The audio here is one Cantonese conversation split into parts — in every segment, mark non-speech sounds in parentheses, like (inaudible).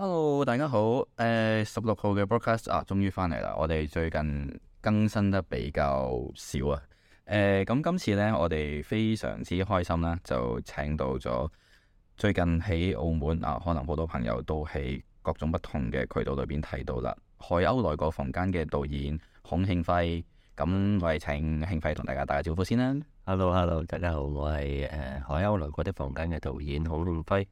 hello，大家好。誒、呃，十六號嘅 broadcast 啊，終於翻嚟啦。我哋最近更新得比較少啊。誒、呃，咁、嗯、今次呢，我哋非常之開心啦，就請到咗最近喺澳門啊，可能好多朋友都喺各種不同嘅渠道裏邊睇到啦，《海鷗來過房間》嘅導演孔慶輝。咁我係請慶輝同大家打個招呼先啦。Hello，Hello，hello, 大家好，我係誒、呃《海鷗來過的房間》嘅導演孔慶輝。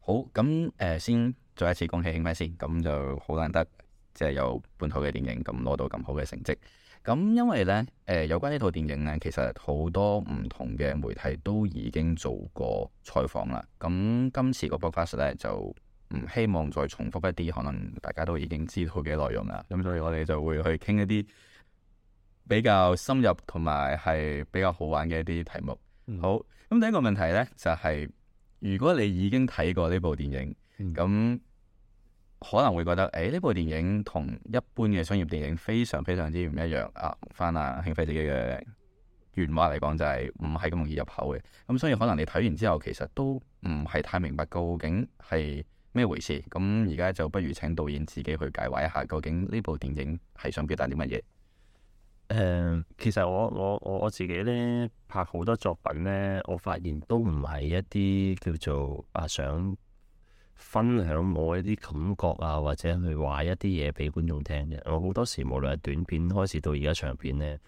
好，咁、嗯、誒、呃、先。再一次恭喜慶輝先。咁就好難得，即係有本土嘅電影咁攞到咁好嘅成績。咁因為呢，誒、呃、有關呢套電影呢，其實好多唔同嘅媒體都已經做過採訪啦。咁今次個 b o o k 咧，就唔希望再重複一啲，可能大家都已經知道嘅內容啦。咁所以我哋就會去傾一啲比較深入同埋係比較好玩嘅一啲題目。好，咁第一個問題呢，就係、是、如果你已經睇過呢部電影，咁、嗯可能會覺得，誒、欸，呢部電影同一般嘅商業電影非常非常之唔一樣。啊，翻阿慶輝自己嘅原話嚟講，就係唔係咁容易入口嘅。咁、嗯、所以可能你睇完之後，其實都唔係太明白究竟係咩回事。咁而家就不如請導演自己去解畫一下，究竟呢部電影係想表達啲乜嘢？誒、嗯，其實我我我我自己咧拍好多作品咧，我發現都唔係一啲叫做啊想。分享我一啲感覺啊，或者去話一啲嘢俾觀眾聽嘅。我好多時無論係短片開始到而家長片咧，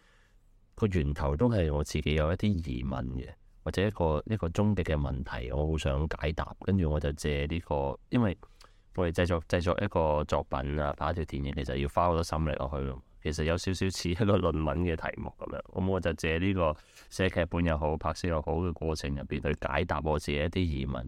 個源頭都係我自己有一啲疑問嘅，或者一個一個終極嘅問題，我好想解答。跟住我就借呢個，因為我哋製作製作一個作品啊，拍一條電影，其實要花好多心力落去咯。其實有少少似一個論文嘅題目咁樣，咁我就借呢個寫劇本又好、拍攝又好嘅過程入邊去解答我自己一啲疑問。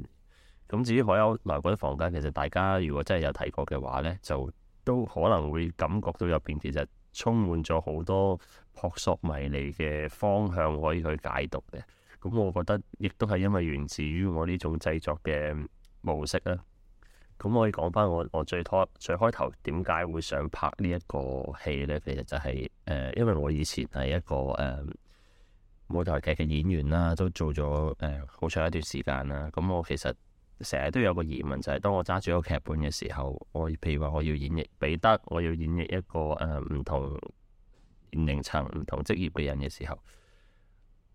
咁至於海鷗來過嘅房間，其實大家如果真係有睇過嘅話咧，就都可能會感覺到入邊其實充滿咗好多撲朔迷離嘅方向可以去解讀嘅。咁我覺得亦都係因為源自於我呢種製作嘅模式啦。咁可以講翻我我最開最開頭點解會想拍呢一個戲咧？其實就係、是、誒、呃，因為我以前係一個誒、呃、舞台劇嘅演員啦，都做咗誒好長一段時間啦。咁我其實～成日都有個疑問，就係、是、當我揸住個劇本嘅時候，我譬如話我要演繹彼得，我要演繹一個誒唔同年齡層、唔同職業嘅人嘅時候，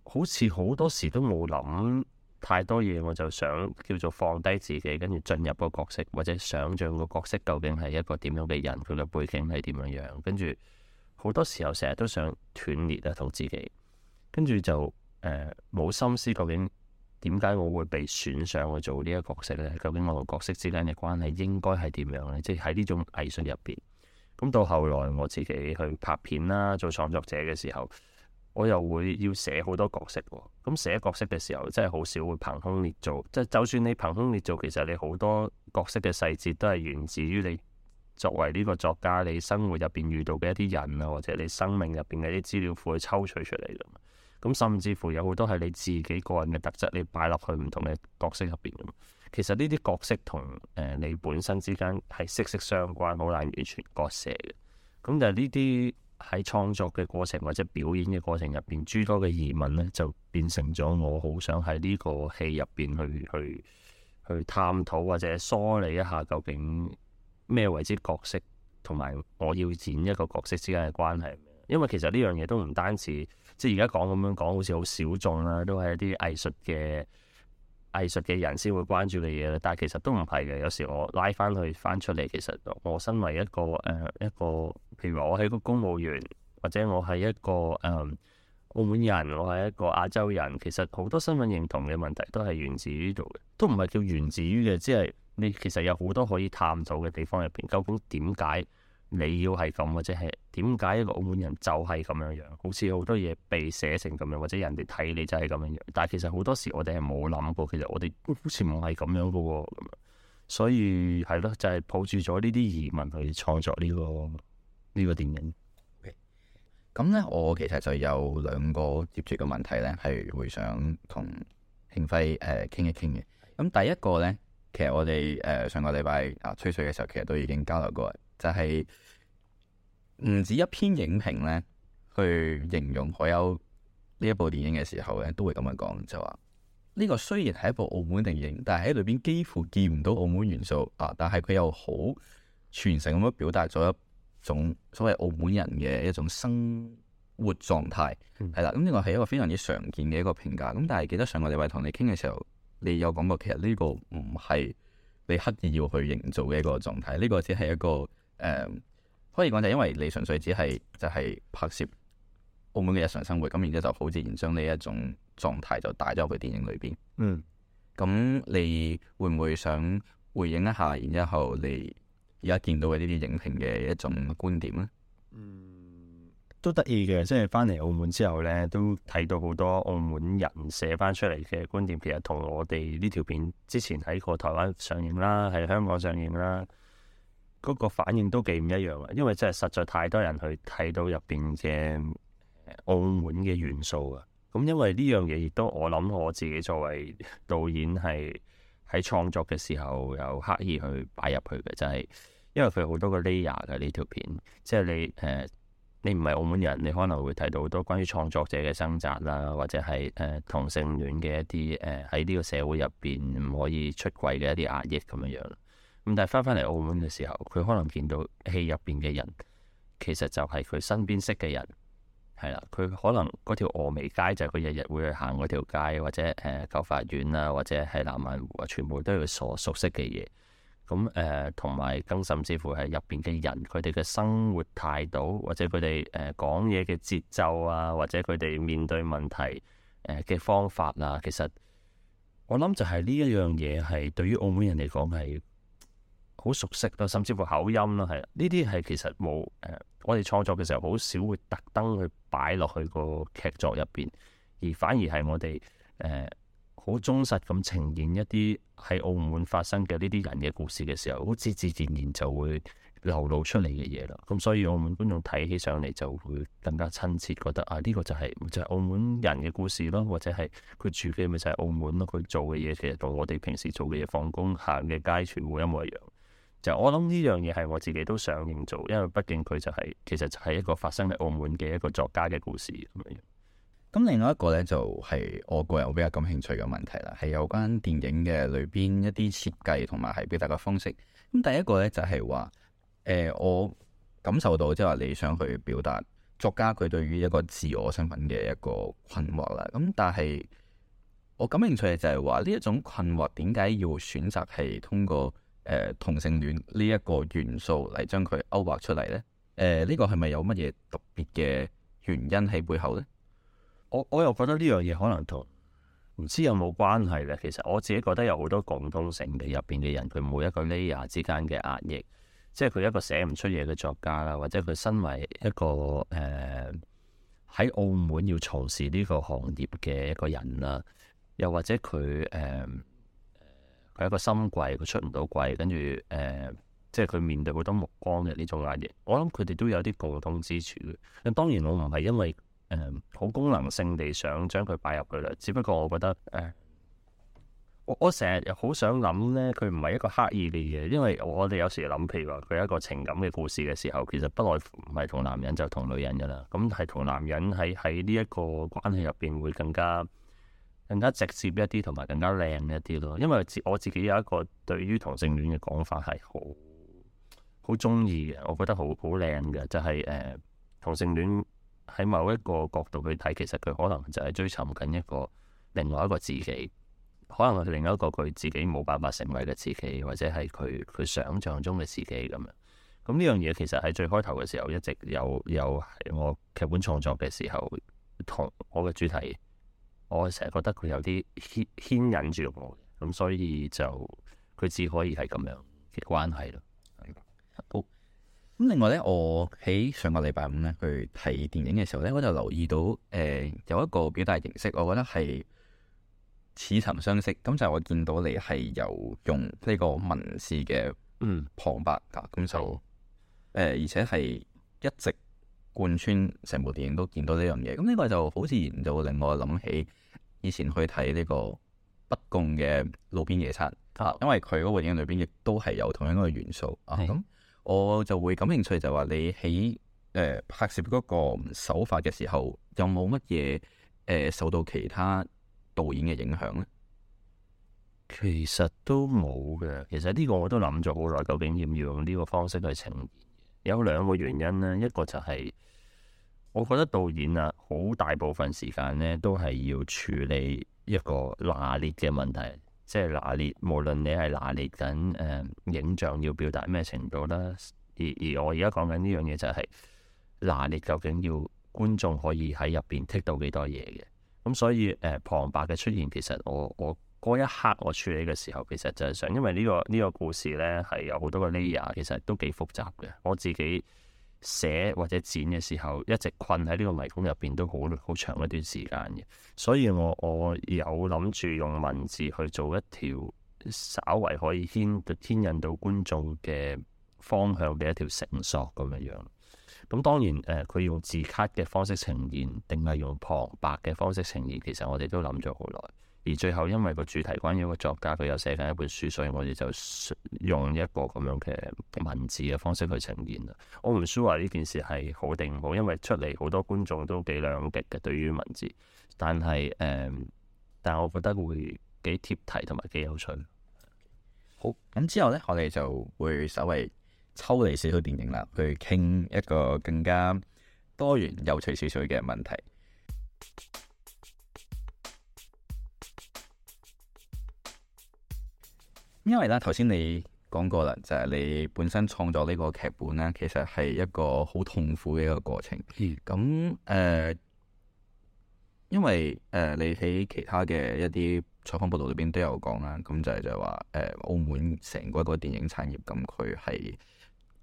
好似好多時都冇諗太多嘢，我就想叫做放低自己，跟住進入個角色，或者想像個角色究竟係一個點樣嘅人，佢嘅背景係點樣樣，跟住好多時候成日都想斷裂得到自己，跟住就誒冇、呃、心思究竟。點解我會被選上去做呢一個角色呢？究竟我同角色之間嘅關係應該係點樣呢？即係喺呢種藝術入邊，咁到後來我自己去拍片啦，做創作者嘅時候，我又會要寫好多角色。咁，嗯，寫角色嘅時候，真係好少會憑空捏造。即係就算你憑空捏造，其實你好多角色嘅細節都係源自於你作為呢個作家，你生活入邊遇到嘅一啲人啊，或者你生命入邊嘅一啲資料庫去抽取出嚟嘅。咁甚至乎有好多係你自己個人嘅特質，你擺落去唔同嘅角色入邊。其實呢啲角色同誒你本身之間係息息相關，好難完全割捨嘅。咁但係呢啲喺創作嘅過程或者表演嘅過程入邊諸多嘅疑問咧，就變成咗我好想喺呢個戲入邊去去去探討或者梳理一下，究竟咩為之角色，同埋我要演一個角色之間嘅關係，因為其實呢樣嘢都唔單止。即係而家講咁樣講，好似好小眾啦，都係一啲藝術嘅藝術嘅人先會關注嘅嘢啦。但係其實都唔係嘅，有時我拉翻去翻出嚟，其實我身為一個誒、呃、一個，譬如話我係一個公務員，或者我係一個誒、呃、澳門人，我係一個亞洲人，其實好多身份認同嘅問題都係源自於度嘅，都唔係叫源自於嘅，即係你其實有好多可以探索嘅地方入邊，究竟點解？你要係咁或者係點解一個澳門人就係咁樣樣？好似好多嘢被寫成咁樣，或者人哋睇你就係咁樣樣。但係其實好多時我哋係冇諗過，其實我哋好似唔係咁樣噶喎。咁所以係咯，就係、係、抱住咗呢啲疑問去創作呢、呢個呢、呢個電影。咁咧，我其實就有兩個接住嘅問題咧，係會想同慶輝誒傾一傾嘅。咁第一個咧，其實我哋誒、呃、上個禮拜啊、呃、吹水嘅時候，其實都已經交流過。就係唔止一篇影評咧，去形容海鷗呢一部電影嘅時候咧，都會咁樣講，就話、是、呢、呢個雖然係一部澳門電影，但係喺裏邊幾乎見唔到澳門元素啊，但係佢又好傳承咁樣表達咗一種所謂澳門人嘅一種生活狀態，係啦、嗯，咁呢個係一個非常之常見嘅一個評價，咁但係記得上個禮拜同你傾嘅時候，你有講過其實呢個唔係你刻意要去營造嘅一個狀態，呢、呢個只係一個。誒，um, 可以講就係因為你純粹只係就係、是、拍攝澳門嘅日常生活，咁然之後就好自然將呢一種狀態就帶咗入去電影裏邊。嗯，咁你會唔會想回應一下？然之後你而家見到嘅呢啲影評嘅一種觀點咧？嗯，都得意嘅，即係翻嚟澳門之後咧，都睇到好多澳門人寫翻出嚟嘅觀點，其實同我哋呢條片之前喺個台灣上映啦，喺香港上映啦。嗰個反應都幾唔一樣啊，因為真係實在太多人去睇到入邊嘅澳門嘅元素啊。咁、嗯、因為呢樣嘢亦都我諗我自己作為導演係喺創作嘅時候有刻意去擺入去嘅，就係、是、因為佢好多個 layer 嘅呢條片，即係你誒、呃、你唔係澳門人，你可能會睇到好多關於創作者嘅掙扎啦，或者係誒、呃、同性戀嘅一啲誒喺呢個社會入邊唔可以出櫃嘅一啲壓抑咁樣樣。咁但係翻翻嚟澳門嘅時候，佢可能見到戲入邊嘅人，其實就係佢身邊識嘅人係啦。佢可能嗰條峨眉街就係佢日日會去行嗰條街，或者誒舊、呃、法院啊，或者係南灣湖啊，全部都係佢所熟悉嘅嘢。咁、嗯、誒，同、呃、埋更甚至乎係入邊嘅人，佢哋嘅生活態度，或者佢哋誒講嘢嘅節奏啊，或者佢哋面對問題誒嘅方法啊，其實我諗就係呢一樣嘢係對於澳門人嚟講係。好熟悉咯，甚至乎口音啦，係啦，呢啲係其實冇誒、呃，我哋創作嘅時候好少會特登去擺落去個劇作入邊，而反而係我哋誒好忠實咁呈現一啲喺澳門發生嘅呢啲人嘅故事嘅時候，好自自然然就會流露出嚟嘅嘢啦。咁所以澳門觀眾睇起上嚟就會更加親切，覺得啊，呢個就係就係澳門人嘅故事咯，或者係佢住嘅咪就係澳門咯，佢做嘅嘢其實同我哋平時做嘅嘢、放工行嘅街全部一模一樣。其實我諗呢樣嘢係我自己都想認做，因為畢竟佢就係、是、其實就係一個發生喺澳門嘅一個作家嘅故事咁。另外一個呢，就係、是、我個人比較感興趣嘅問題啦，係有關電影嘅裏邊一啲設計同埋係表達嘅方式。咁第一個呢，就係、是、話，誒、呃，我感受到即係話你想去表達作家佢對於一個自我身份嘅一個困惑啦。咁但係我感興趣嘅就係話呢一種困惑點解要選擇係通過？誒、呃、同性戀呢一個元素嚟將佢勾畫出嚟呢？誒、呃、呢、這個係咪有乜嘢特別嘅原因喺背後呢？我我又覺得呢樣嘢可能同唔知有冇關係呢。其實我自己覺得有好多共通性嘅入邊嘅人，佢冇一個 layer 之間嘅壓抑，即係佢一個寫唔出嘢嘅作家啦，或者佢身為一個誒喺、呃、澳門要從事呢個行業嘅一個人啦，又或者佢誒。呃係一個心櫃，佢出唔到櫃，跟住誒，即係佢面對好多目光嘅呢種壓力。我諗佢哋都有啲共通之處嘅。當然我唔係因為誒好、呃、功能性地想將佢擺入去啦，只不過我覺得誒、呃，我我成日好想諗咧，佢唔係一個刻意嘅嘢，因為我哋有時諗，譬如話佢一個情感嘅故事嘅時候，其實不外乎唔係同男人就同女人噶啦，咁係同男人喺喺呢一個關係入邊會更加。更加直接一啲，同埋更加靚一啲咯。因為自我自己有一個對於同性戀嘅講法係好好中意嘅，我覺得好好靚嘅，就係誒同性戀喺某一個角度去睇，其實佢可能就係追尋緊一個另外一個自己，可能係另外一個佢自己冇辦法成為嘅自己，或者係佢佢想象中嘅自己咁樣。咁呢樣嘢，其實喺最開頭嘅時候一直有有我劇本創作嘅時候同我嘅主題。我成日覺得佢有啲牽牽引住我咁，所以就佢只可以係咁樣嘅關係咯。好。咁另外咧，我喺上個禮拜五咧去睇電影嘅時候咧，我就留意到誒、呃、有一個表達形式，我覺得係似曾相識。咁就係我見到你係有用呢個文字嘅嗯旁白㗎，咁就誒、嗯、而且係一直。貫穿成部電影都見到呢樣嘢，咁呢個就好自然就會令我諗起以前去睇呢個畢贛嘅路邊野餐，啊，因為佢嗰部電影裏邊亦都係有同樣一個元素啊，咁的、啊、我就會感興趣就話你喺誒、呃、拍攝嗰個手法嘅時候有有，有冇乜嘢誒受到其他導演嘅影響咧？其實都冇嘅，其實呢個我都諗咗好耐，究竟要唔要用呢個方式去呈現 (music) 有兩個原因咧，一個就係、是。我覺得導演啊，好大部分時間咧，都係要處理一個拿捏嘅問題，即係拿捏，無論你係拿捏緊誒、呃、影像要表達咩程度啦，而而我而家講緊呢樣嘢就係、是、拿捏究竟要觀眾可以喺入邊剔到幾多嘢嘅，咁所以誒旁白嘅出現，其實我我嗰一刻我處理嘅時候，其實就係想，因為呢、呢個呢、呢個故事咧係有好多個 layer，其實都幾複雜嘅，我自己。寫或者剪嘅時候，一直困喺呢個迷宮入邊都好好長一段時間嘅，所以我我有諗住用文字去做一條稍為可以牽牽引到觀眾嘅方向嘅一條繩索咁樣樣。咁當然誒，佢，呃，用字卡嘅方式呈現，定係用旁白嘅方式呈現，其實我哋都諗咗好耐。而最後，因為個主題關於一個作家，佢又寫緊一本書，所以我哋就用一個咁樣嘅文字嘅方式去呈現啦。我唔 sure 話呢件事係好定唔好，因為出嚟好多觀眾都幾兩極嘅，對於文字，但係誒、嗯，但係我覺得會幾貼題同埋幾有趣。好，咁之後咧，我哋就會稍微抽離少少電影啦，去傾一個更加多元有趣少少嘅問題。因為咧，頭先你講過啦，就係、是、你本身創作呢個劇本咧，其實係一個好痛苦嘅一個過程。咁誒、嗯嗯嗯，因為誒、呃，你喺其他嘅一啲採訪報道裏邊都有講啦。咁就係就係話，誒、呃，澳門成個一個電影產業，咁佢係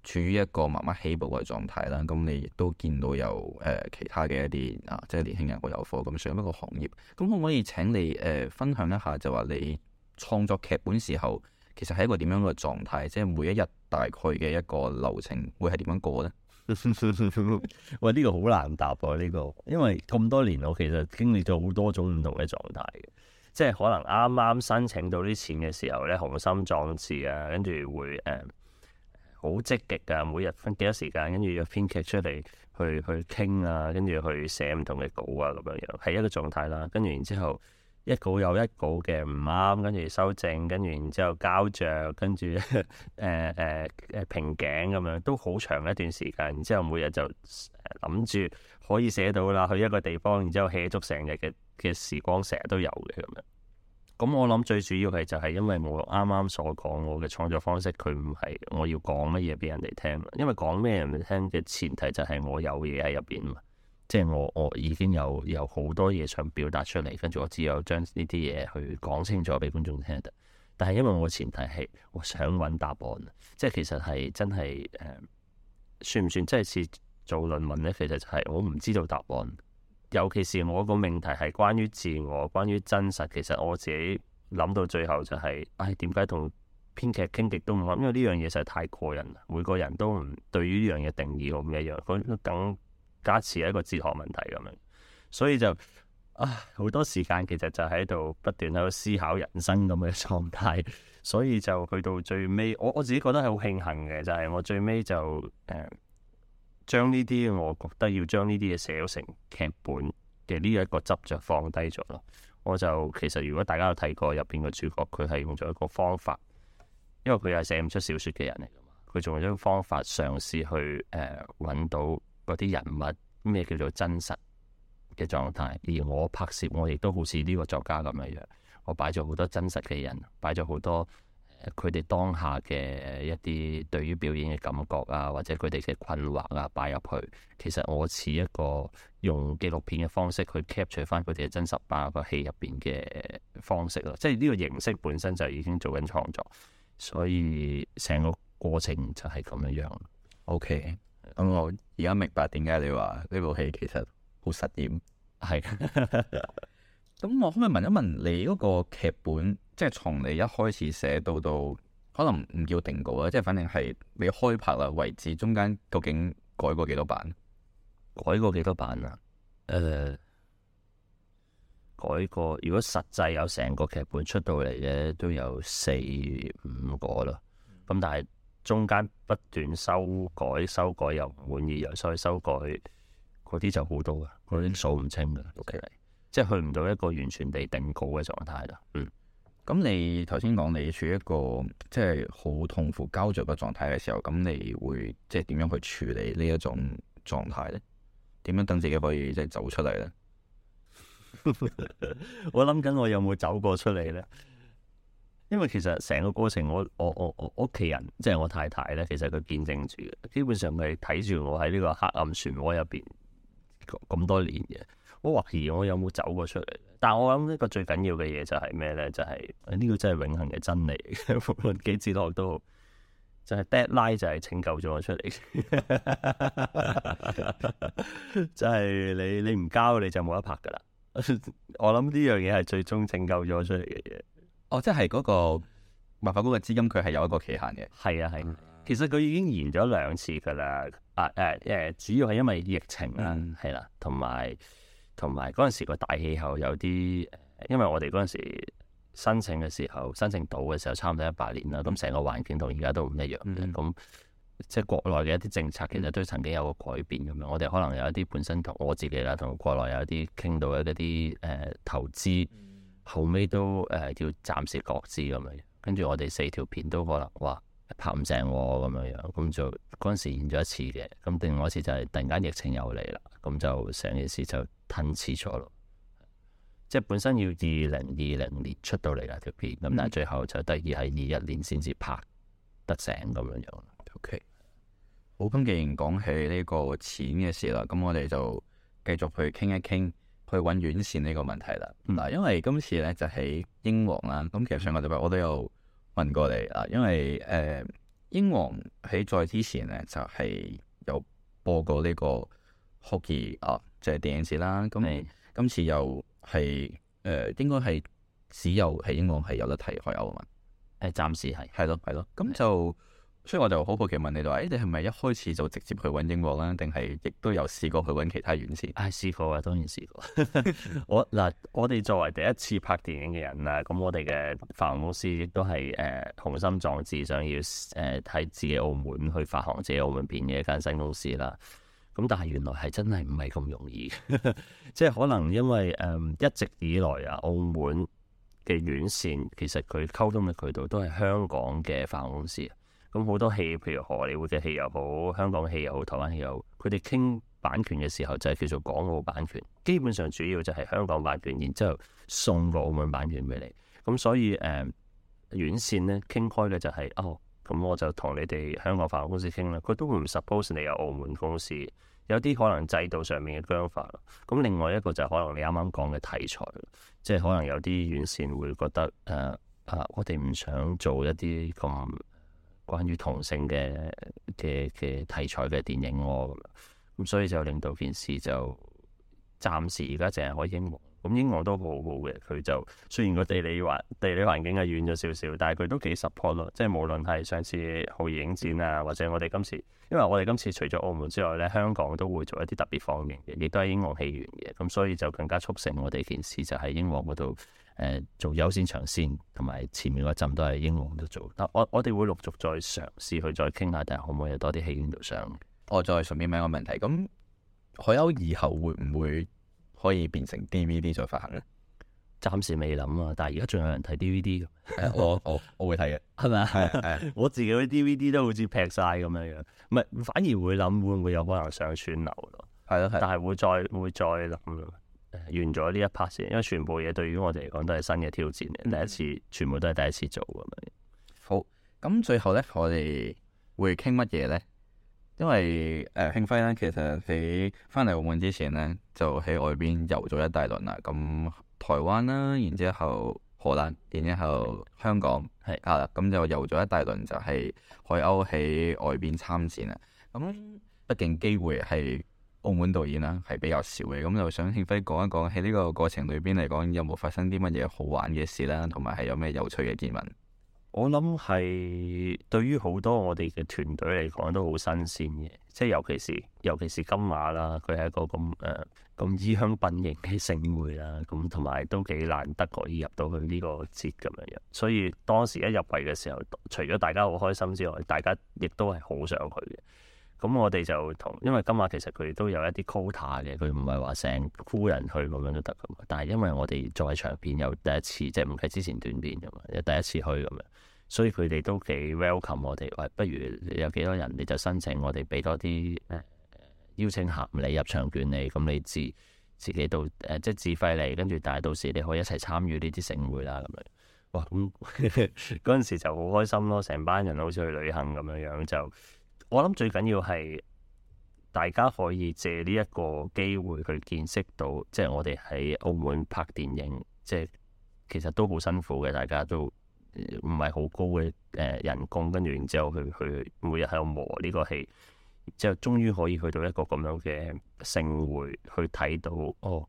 處於一個慢慢起步嘅狀態啦。咁你亦都見到有誒、呃、其他嘅一啲啊，即係年輕人會有火咁上一個行業。咁可唔可以請你誒、呃、分享一下，就話你創作劇本時候，其實係一個點樣嘅狀態？即係每一日大概嘅一個流程會係點樣過咧？ (laughs) 喂，呢個好難答啊！呢個，因為咁多年我其實經歷咗好多種唔同嘅狀態嘅，即係可能啱啱申請到啲錢嘅時候咧，雄心壯志啊，跟住會誒好、呃、積極啊，每日分幾多時間，跟住約編劇出嚟去去傾啊，跟住去寫唔同嘅稿啊，咁樣樣係一個狀態啦。跟住然之後，一稿有一稿嘅唔啱，跟住修正，跟住然之後交象，跟住誒誒誒瓶頸咁樣，都好長一段時間。然之後每日就諗住可以寫到啦，去一個地方，然之後寫足成日嘅嘅時光，成日都有嘅咁樣。咁我諗最主要係就係因為我啱啱所講，我嘅創作方式佢唔係我要講乜嘢俾人哋聽，因為講咩人哋聽嘅前提就係我有嘢喺入邊嘛。即係我我已經有有好多嘢想表達出嚟，跟住我只有將呢啲嘢去講清楚俾觀眾聽得。但係因為我前提係我想揾答案，即係其實係真係誒、呃，算唔算真係似做論文咧？其實就係我唔知道答案。尤其是我個命題係關於自我、關於真實。其實我自己諗到最後就係、是，唉、哎，點解同編劇傾極都唔啱？因為呢樣嘢實在太個人啦，每個人都唔對於呢樣嘢定義好唔一樣。咁加持係一個哲學問題咁樣，所以就啊，好多時間其實就喺度不斷喺度思考人生咁嘅狀態，所以就去到最尾，我我自己覺得係好慶幸嘅，就係、是、我最尾就誒、呃、將呢啲，我覺得要將呢啲嘢寫成劇本嘅呢一個執着放低咗咯。我就其實如果大家有睇過入邊個主角，佢係用咗一個方法，因為佢係寫唔出小説嘅人嚟噶嘛，佢仲有一個方法嘗試去誒搵、呃、到。嗰啲人物咩叫做真實嘅狀態，而我拍攝我亦都好似呢個作家咁樣樣，我擺咗好多真實嘅人，擺咗好多佢哋當下嘅一啲對於表演嘅感覺啊，或者佢哋嘅困惑啊，擺入去。其實我似一個用紀錄片嘅方式去 capture 翻佢哋嘅真實，拍個戲入邊嘅方式咯。即係呢個形式本身就已經做緊創作，所以成個過程就係咁樣樣。OK。咁、嗯、我而家明白點解你話呢部戲其實好實驗，係是的笑、 (laughs) 嗯。咁我可唔可以問一問你嗰個劇本，即係從你一開始寫到到，可能唔叫定稿啦，即係反正係你開拍啦為止，中間究竟改過幾多版，改多版，啊呃，改過幾多版啊？誒，改過如果實際有成個劇本出到嚟嘅，都有四五個啦。咁但係。中間不斷修改，修改又唔滿意，又再修改，嗰啲就好多啦，我已經數唔清噶，OK。嗯、即係去唔到一個完全被定稿嘅狀態啦。嗯，咁你頭先講你處於一個即係好痛苦膠著嘅狀態嘅時候，咁你會即係點樣去處理呢一種狀態咧？點樣等自己可以即係走出嚟咧？ (laughs) 我諗緊我有冇走過出嚟咧？因為其實成個過程我，我我我我屋企人即係我太太咧，其實佢見證住嘅，基本上佢睇住我喺呢個黑暗漩渦入邊咁多年嘅、欸，我懷疑我有冇走過出嚟。但係我諗一個最緊要嘅嘢就係咩咧？就係、是、呢、啊呢個真係永恆嘅真理，無論幾次落都好，就係、是、deadline 就係拯救咗我出嚟， (laughs) 就係你你唔交你就冇得拍噶啦。 (laughs) 我諗呢樣嘢係最終拯救咗我出嚟嘅嘢。哦，即係嗰、那個文化局嘅資金，佢係有一個期限嘅。係啊，係。其實佢已經延咗兩次噶啦。啊，誒、啊，誒、啊啊，主要係因為疫情啦，係啦、嗯，同埋同埋嗰陣時個大氣候有啲，因為我哋嗰陣時申請嘅時候，申請到嘅時候差唔多一百年啦。咁成個環境同而家都唔一樣咁、嗯、即係國內嘅一啲政策，其實都曾經有個改變咁樣。我哋可能有一啲本身同我自己啦，同國內有一啲傾到一啲誒、呃、投資。嗯後尾都誒、呃、要暫時擱置咁樣，跟住我哋四條片都可能話拍唔成我咁樣樣，咁就嗰陣時演咗一次嘅。咁另外一次就係突然間疫情又嚟啦，咁就成件事就吞蝕咗咯。即係本身要二零二零年出到嚟啦條片，咁但係最後就得以係二一年先至拍得成咁樣樣。O K、嗯。好，咁既然講起呢個錢嘅事啦，咁我哋就繼續去傾一傾。去揾院線呢個問題啦，嗱、嗯，因為今次咧就喺、是、英皇啦，咁、嗯、其實上個禮拜我都有問過你啦，因為誒、呃、英皇喺再之前咧就係、是、有播過呢個酷兒啊，就係、是、電影節啦，咁是今次又係誒、呃、應該係只有喺英皇係有得睇海鷗啊嘛，誒暫時係，係咯係咯，咁就。所以我就好好奇問你，話、哎、誒，你係咪一開始就直接去揾英皇啦？定係亦都有試過去揾其他院線？唉，試過啊，當然試過。 (laughs) 我嗱，我哋作為第一次拍電影嘅人啊，咁我哋嘅發行公司亦都係誒、呃、雄心壯志，想要誒喺、呃、自己澳門去發行自己澳門片嘅一間新公司啦。咁但係原來係真係唔係咁容易， (laughs) 即係可能因為誒、呃、一直以來啊，澳門嘅院線其實佢溝通嘅渠道都係香港嘅發行公司。咁好多戲，譬如荷里活嘅戲又好，香港戲又好，台灣戲又好，佢哋傾版權嘅時候就係叫做港澳版權。基本上主要就係香港版權，然之後送個澳門版權俾你。咁所以誒、呃，院線咧傾開嘅就係、是、哦，咁我就同你哋香港法國公司傾啦，佢都會唔 suppose 你有澳門公司。有啲可能制度上面嘅僵化。咁另外一個就可能你啱啱講嘅題材，即係可能有啲院線會覺得誒啊、呃呃，我哋唔想做一啲咁。關於同性嘅嘅嘅題材嘅電影我，咁所以就令到件事就暫時而家淨係可以英國，咁英國都好好嘅。佢就雖然個地理環地理環境係遠咗少少，但係佢都幾 support 咯。即係無論係上次浩影展啊，嗯、或者我哋今次。因為我哋今次除咗澳門之外咧，香港都會做一啲特別放映嘅，亦都係英皇戲院嘅，咁所以就更加促成我哋件事就係、是、英皇嗰度誒做優先長線，同埋前面嗰陣都係英皇度做。但我我哋會陸續再嘗試去再傾下，但係可唔可以多啲戲院度上？我再順便問一個問題，咁《海鷗》以後會唔會可以變成 DVD 再發行咧？暫時未諗啊，但係而家仲有人睇 D V D 嘅。我 (laughs) 我我，我會睇嘅，係咪啊？係 (laughs) 我自己啲 D V D 都好似劈晒咁樣樣，唔係反而會諗，會唔會有可能上串流咯？係咯、嗯、但係會再會再諗完咗呢一 part 先，因為全部嘢對於我哋嚟講都係新嘅挑戰，第一次全部都係第一次做咁樣。嗯、好咁，最後咧，我哋會傾乜嘢咧？因為誒，慶輝咧，其實喺翻嚟澳門之前咧，就喺外邊遊咗一大輪啦。咁、嗯。台灣啦，然之後荷蘭，然之後香港，係啊的，咁、嗯、就遊咗一大輪，就係海鷗喺外邊參展啦。咁畢竟機會係澳門導演啦，係比較少嘅。咁就想慶輝講一講喺呢個過程裡邊嚟講，有冇發生啲乜嘢好玩嘅事啦，同埋係有咩有,有趣嘅見聞？我諗係對於好多我哋嘅團隊嚟講都好新鮮嘅，即係尤其是尤其是金馬啦，佢係一個咁誒。呃咁衣香品型嘅盛會啦，咁同埋都幾難得可以入到去呢個節咁樣樣，所以當時一入圍嘅時候，除咗大家好開心之外，大家亦都係好想去嘅。咁我哋就同，因為今日其實佢都有一啲 quota 嘅，佢唔係話成羣人去咁樣都得噶嘛。但係因為我哋作為長片有第一次，即係唔係之前短片咁啊，有第一次去咁樣，所以佢哋都幾 welcome 我哋話、哎，不如你有幾多人你就申請我，我哋俾多啲誒。邀請函你，入場券你，咁你自自己到誒、呃、即係自費嚟，跟住但係到時你可以一齊參與呢啲盛會啦咁樣。哇！咁嗰陣時就好開心咯，成班人好似去旅行咁樣樣。就我諗最緊要係大家可以借呢一個機會去見識到，即係我哋喺澳門拍電影，即係其實都好辛苦嘅。大家都唔係好高嘅誒、呃、人工，跟住然之後去去，去每日喺度磨呢個戲。之後，終於可以去到一個咁樣嘅盛會，去睇到哦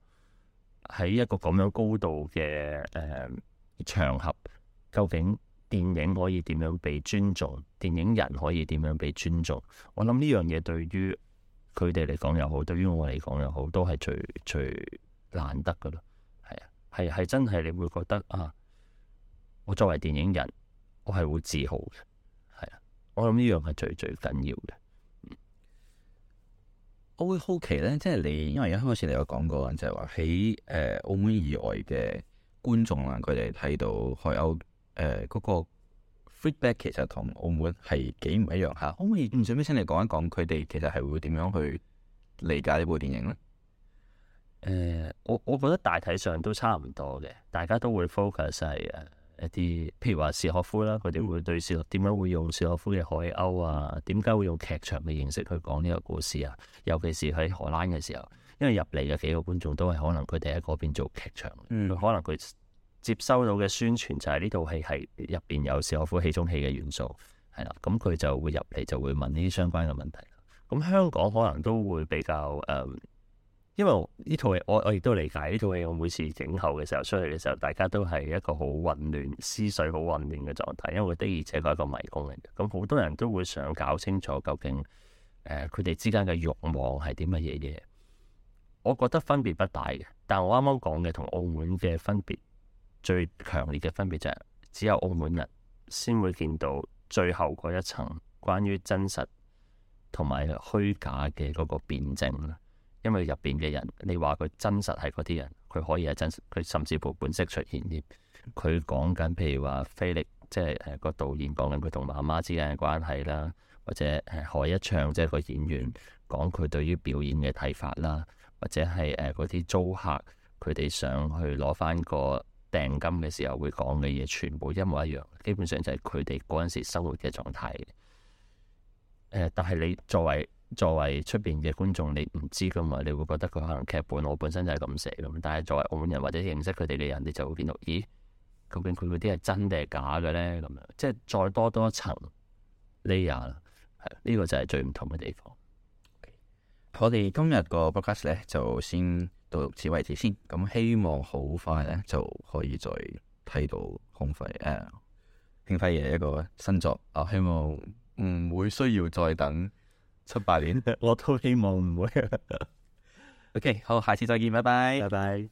喺一個咁樣高度嘅誒、呃、場合，究竟電影可以點樣被尊重？電影人可以點樣被尊重？我諗呢樣嘢對於佢哋嚟講又好，對於我嚟講又好，都係最最難得噶咯。係啊，係係真係你會覺得啊，我作為電影人，我係會自豪嘅。係啊，我諗呢樣係最最緊要嘅。我會好奇咧，即係你，因為一開始你有講過，就係話喺誒澳門以外嘅觀眾啦，佢哋睇到《海、呃、鷗》誒、那、嗰個 feedback 其實同澳門係幾唔一樣嚇。可唔可以唔準備請你講一講佢哋其實係會點樣去理解呢部電影咧？誒、欸，我我覺得大體上都差唔多嘅，大家都會 focus 係誒。一啲，譬如話《史可夫》啦，佢哋會對斯點解會用《史可夫》嘅海鷗啊？點解會用劇場嘅形式去講呢個故事啊？尤其是喺荷蘭嘅時候，因為入嚟嘅幾個觀眾都係可能佢哋喺嗰邊做劇場，佢、嗯、可能佢接收到嘅宣傳就係呢套戲係入邊有《史可夫》戲中戲嘅元素，係啦，咁佢就會入嚟就會問呢啲相關嘅問題。咁香港可能都會比較誒。呃因為呢套戲，我我亦都理解呢套戲。我每次整後嘅時候，出去嘅時候，大家都係一個好混亂、思緒好混亂嘅狀態。因為的而且確係一個迷宮嚟嘅。咁好多人都會想搞清楚究竟，呃，佢哋之間嘅欲望係啲乜嘢嘢？我覺得分別不大嘅。但係我啱啱講嘅同澳門嘅分別，最強烈嘅分別就係，只有澳門人先會見到最後嗰一層關於真實同埋虛假嘅嗰個辯證啦。因為入邊嘅人，你話佢真實係嗰啲人，佢可以係真實，佢甚至乎本色出現啲。佢講緊，譬如話菲力，即係誒個導演講緊佢同媽媽之間嘅關係啦，或者誒海、呃、一唱即係、就是、個演員講佢對於表演嘅睇法啦，或者係誒嗰啲租客，佢哋上去攞翻個訂金嘅時候會講嘅嘢，全部一模一樣，基本上就係佢哋嗰陣時生活嘅狀態。呃、但係你作為，作為出邊嘅觀眾，你唔知㗎嘛？你會覺得佢可能劇本，我本身就係咁寫咁。但係作為澳門人或者認識佢哋嘅人，你就會見到，咦？究竟佢嗰啲係真定係假嘅咧？咁樣即係再多多一層 layer 啦。係呢個就係最唔同嘅地方。我哋今日個 podcast 咧就先到此為止先。咁希望好快咧就可以再睇到慶輝誒，慶輝嘅一個新作。我、啊、希望唔會需要再等。七八年， (laughs) 我都希望唔會。 (laughs) OK，好，下次再見，拜拜，拜拜。